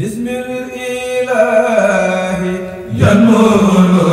بسم الإله ينور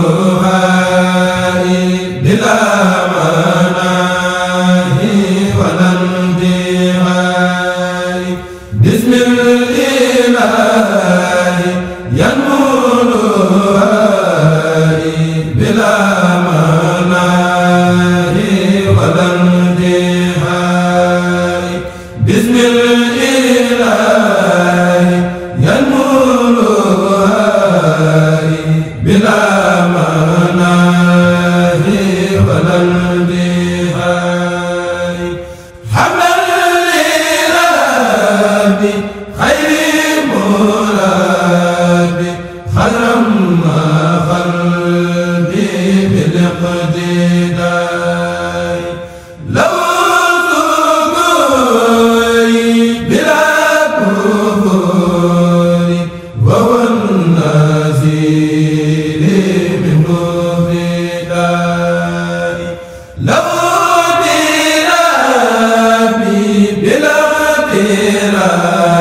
la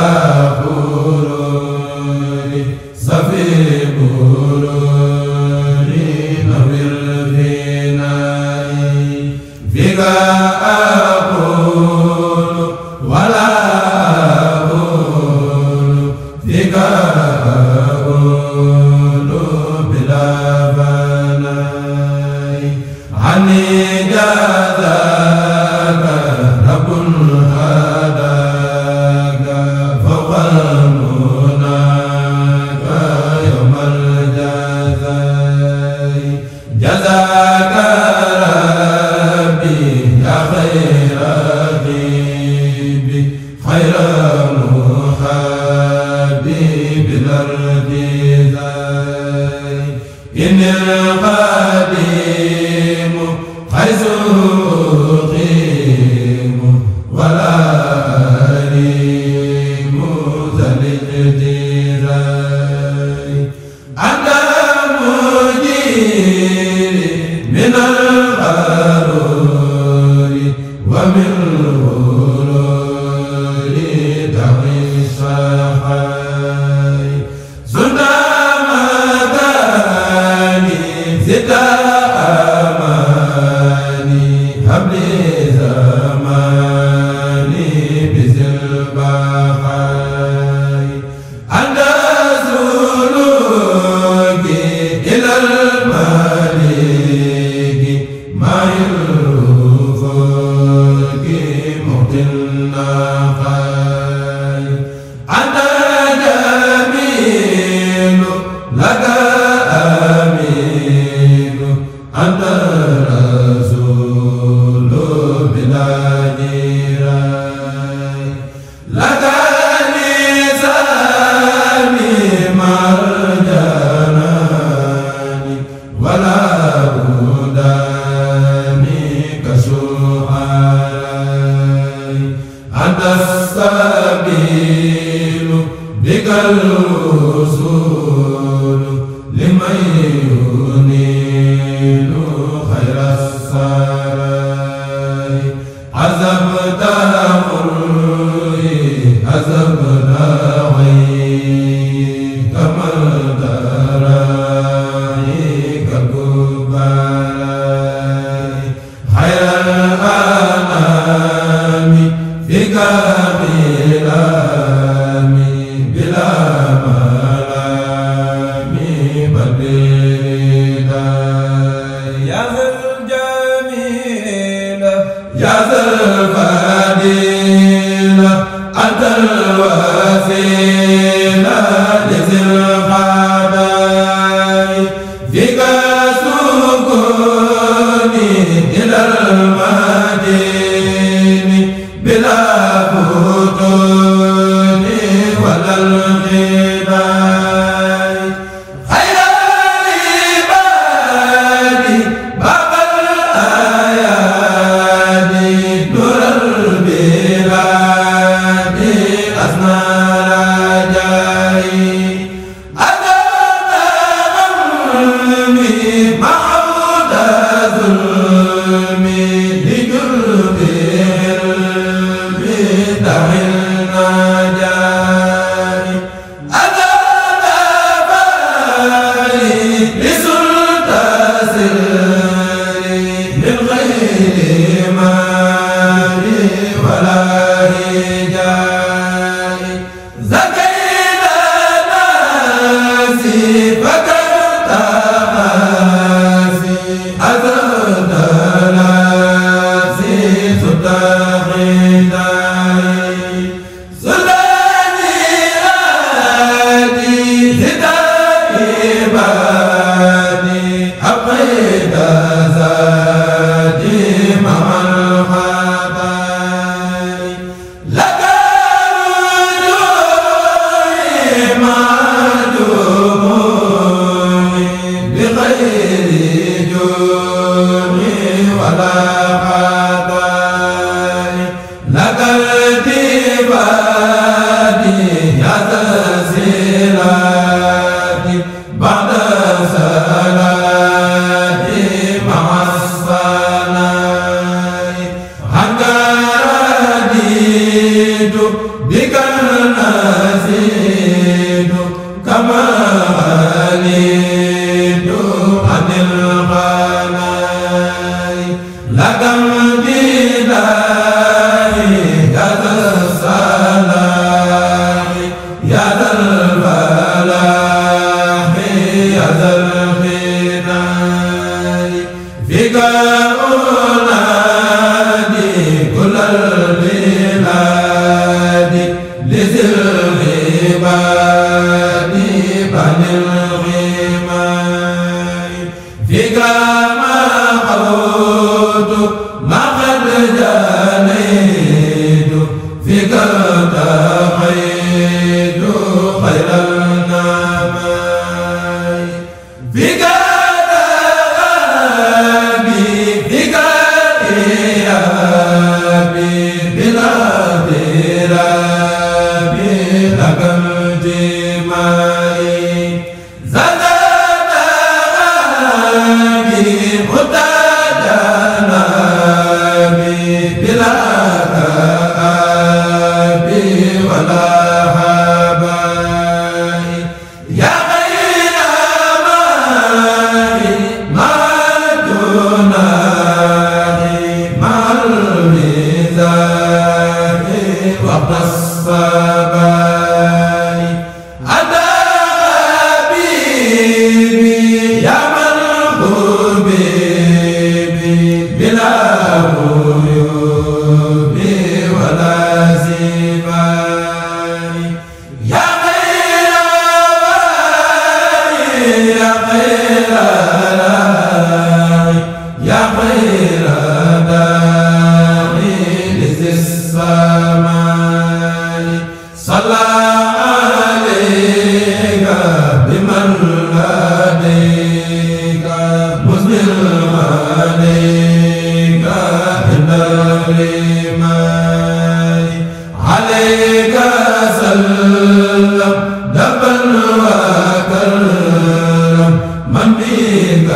Allahu yaa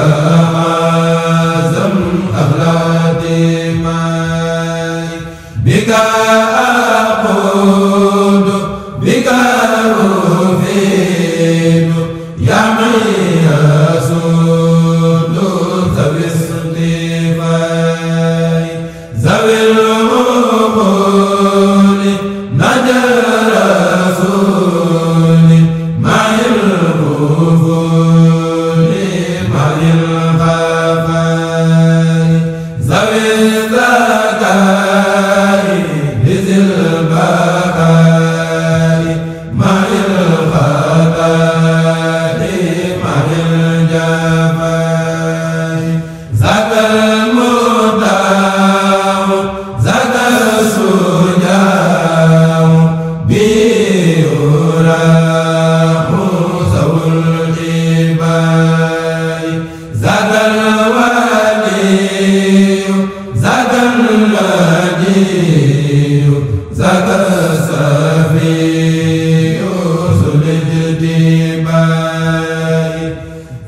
a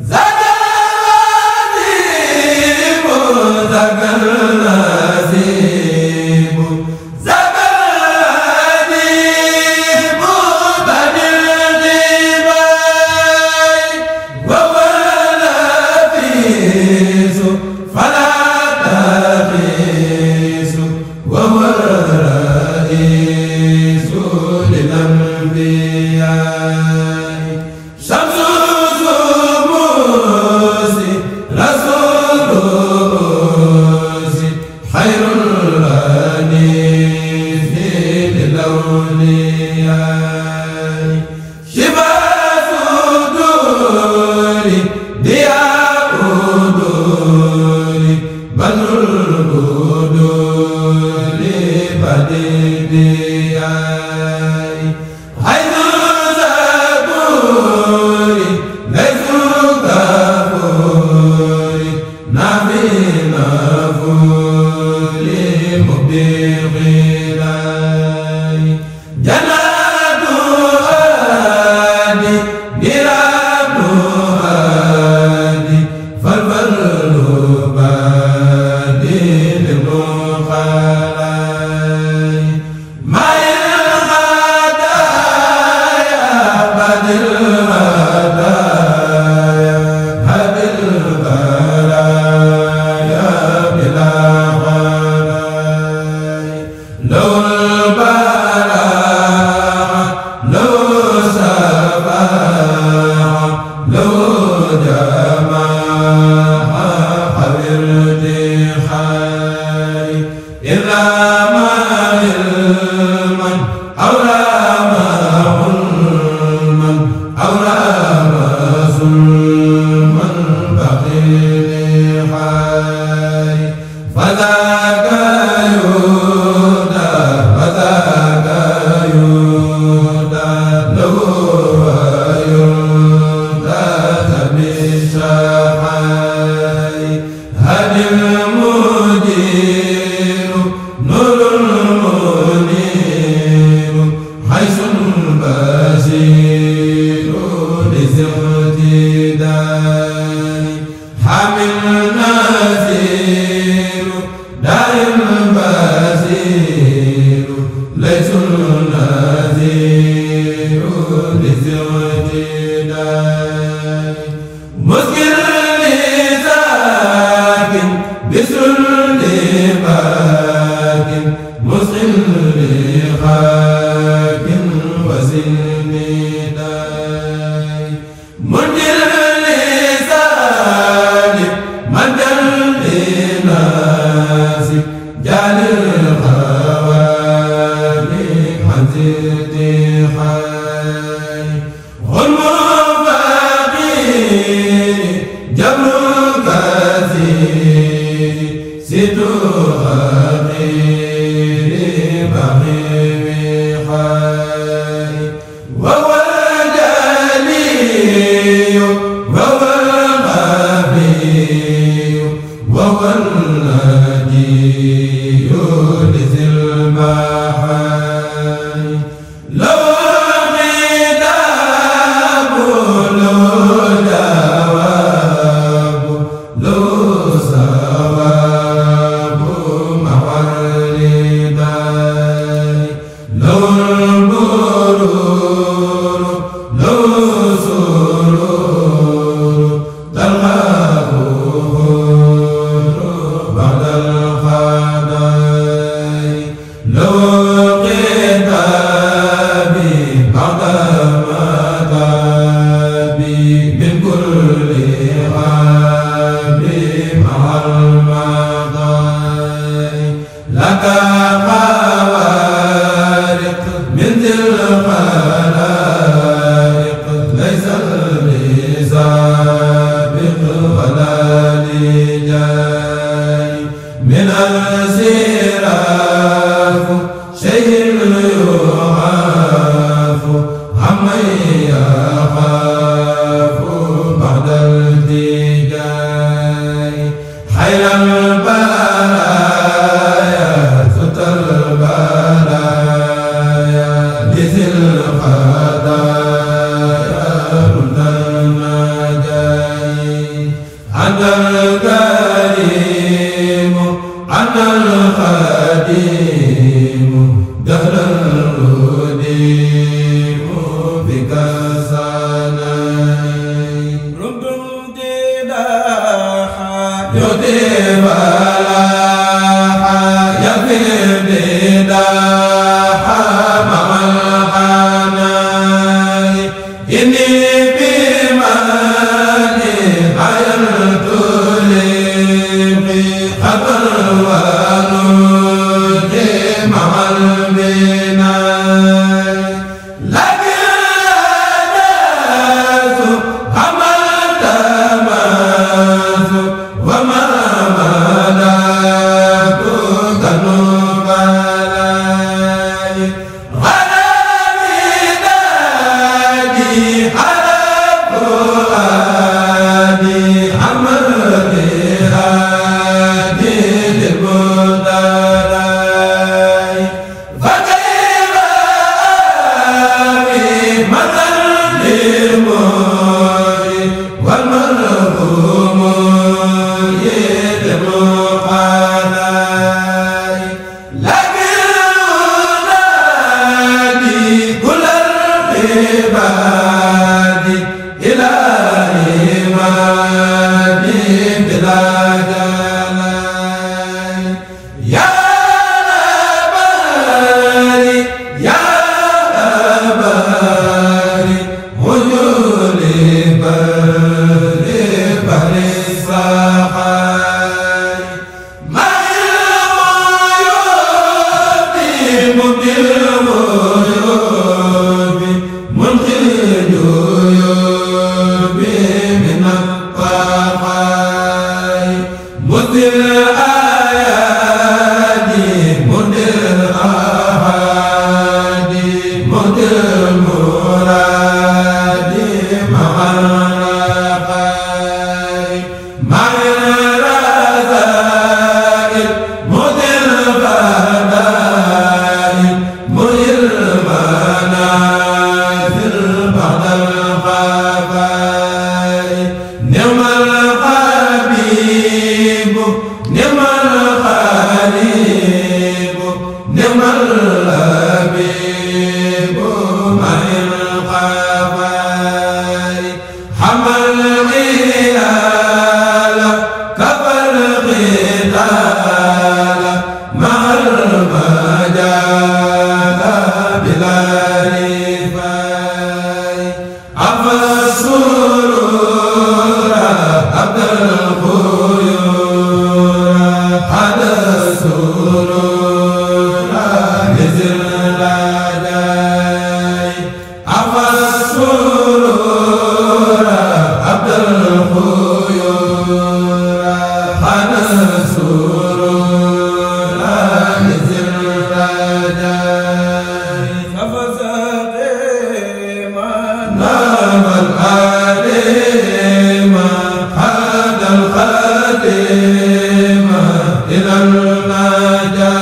zagal Allah a ma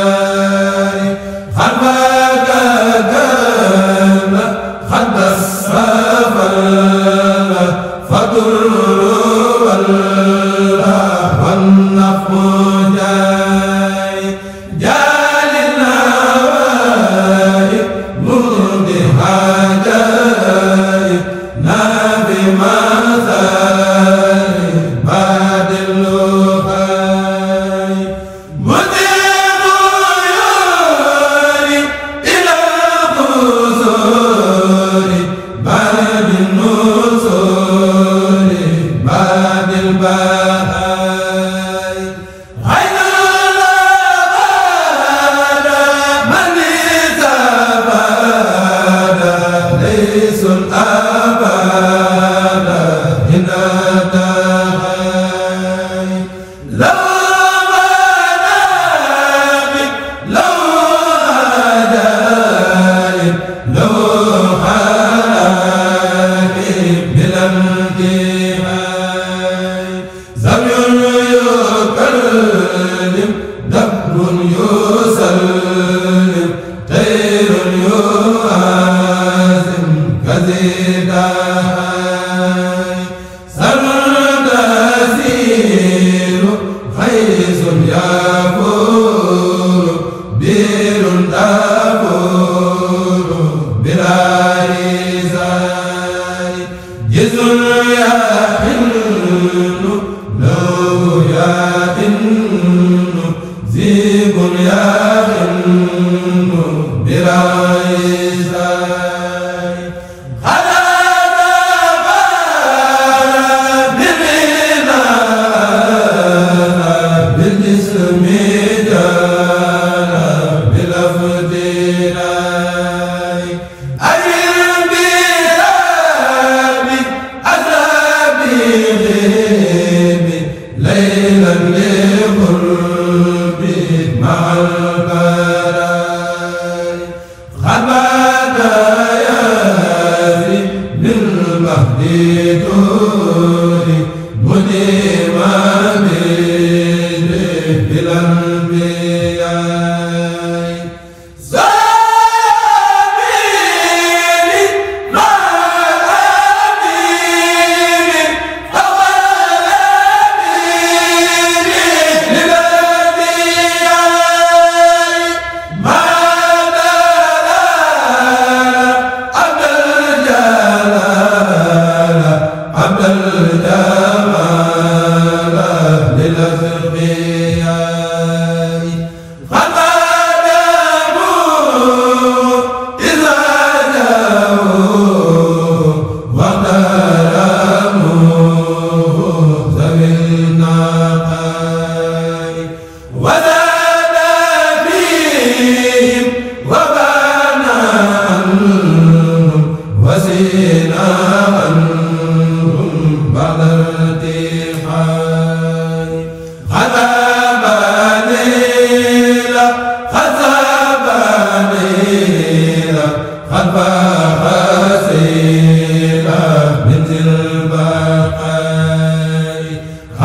يسلم دهر يسلم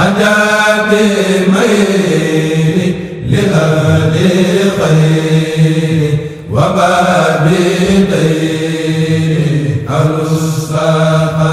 xajaate mayri li ahli xayri wa baabi xayri alusaa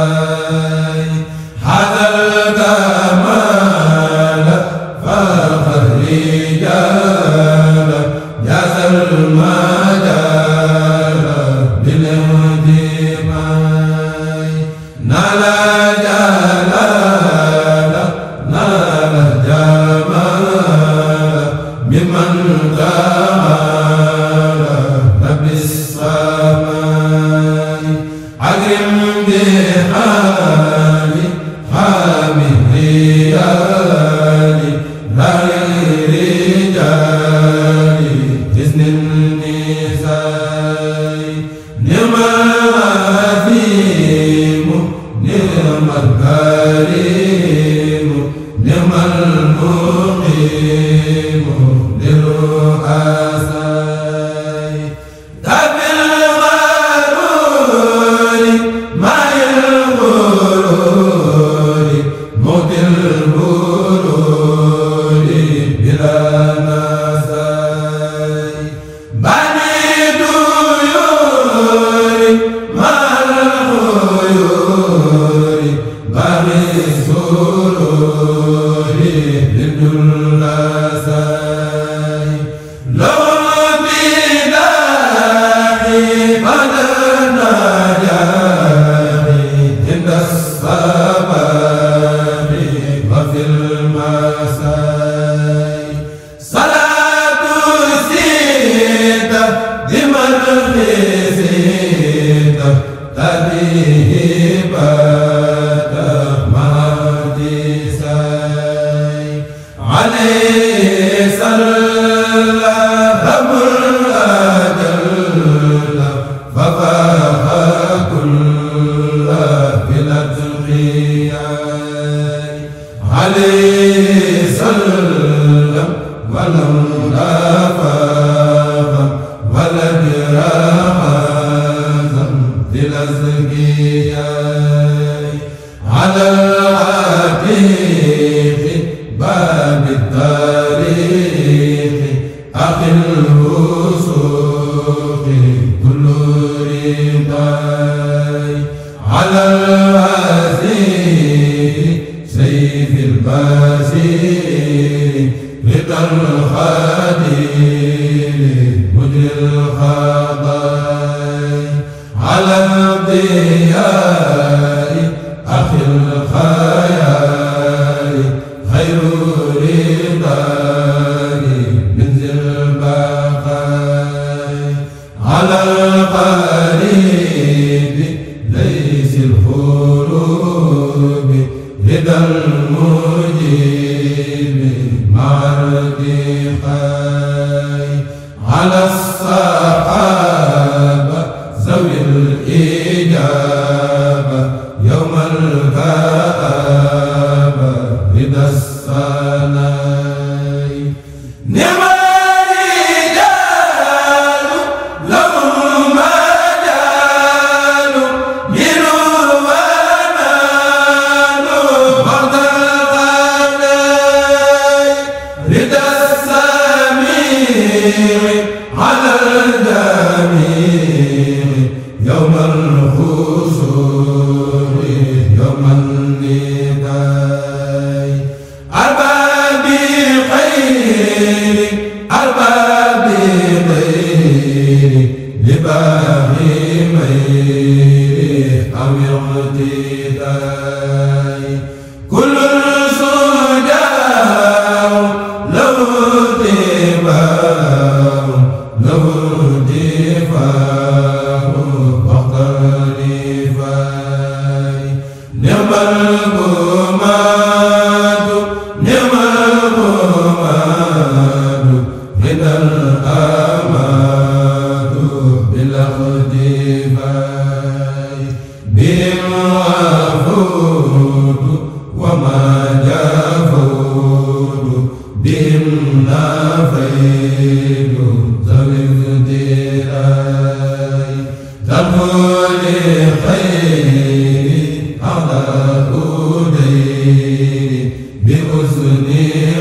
bi usni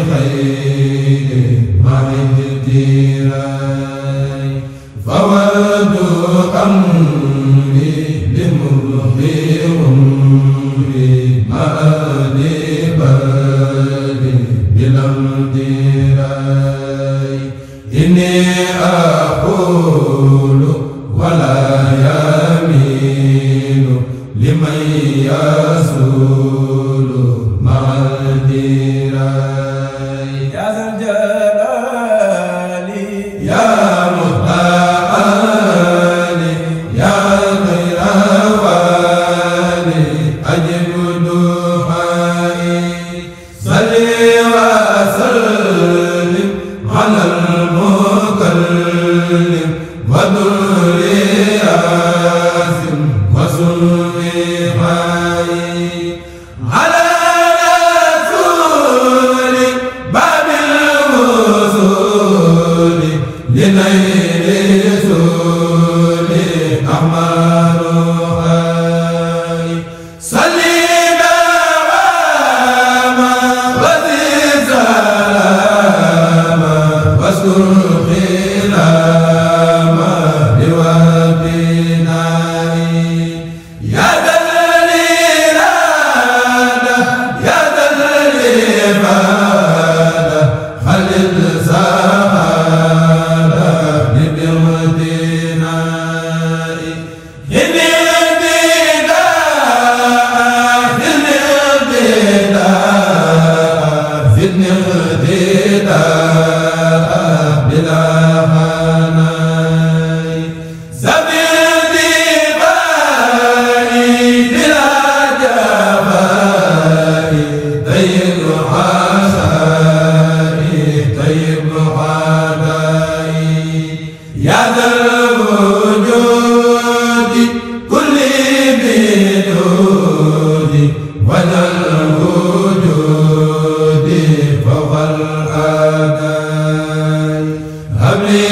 xayri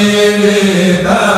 ta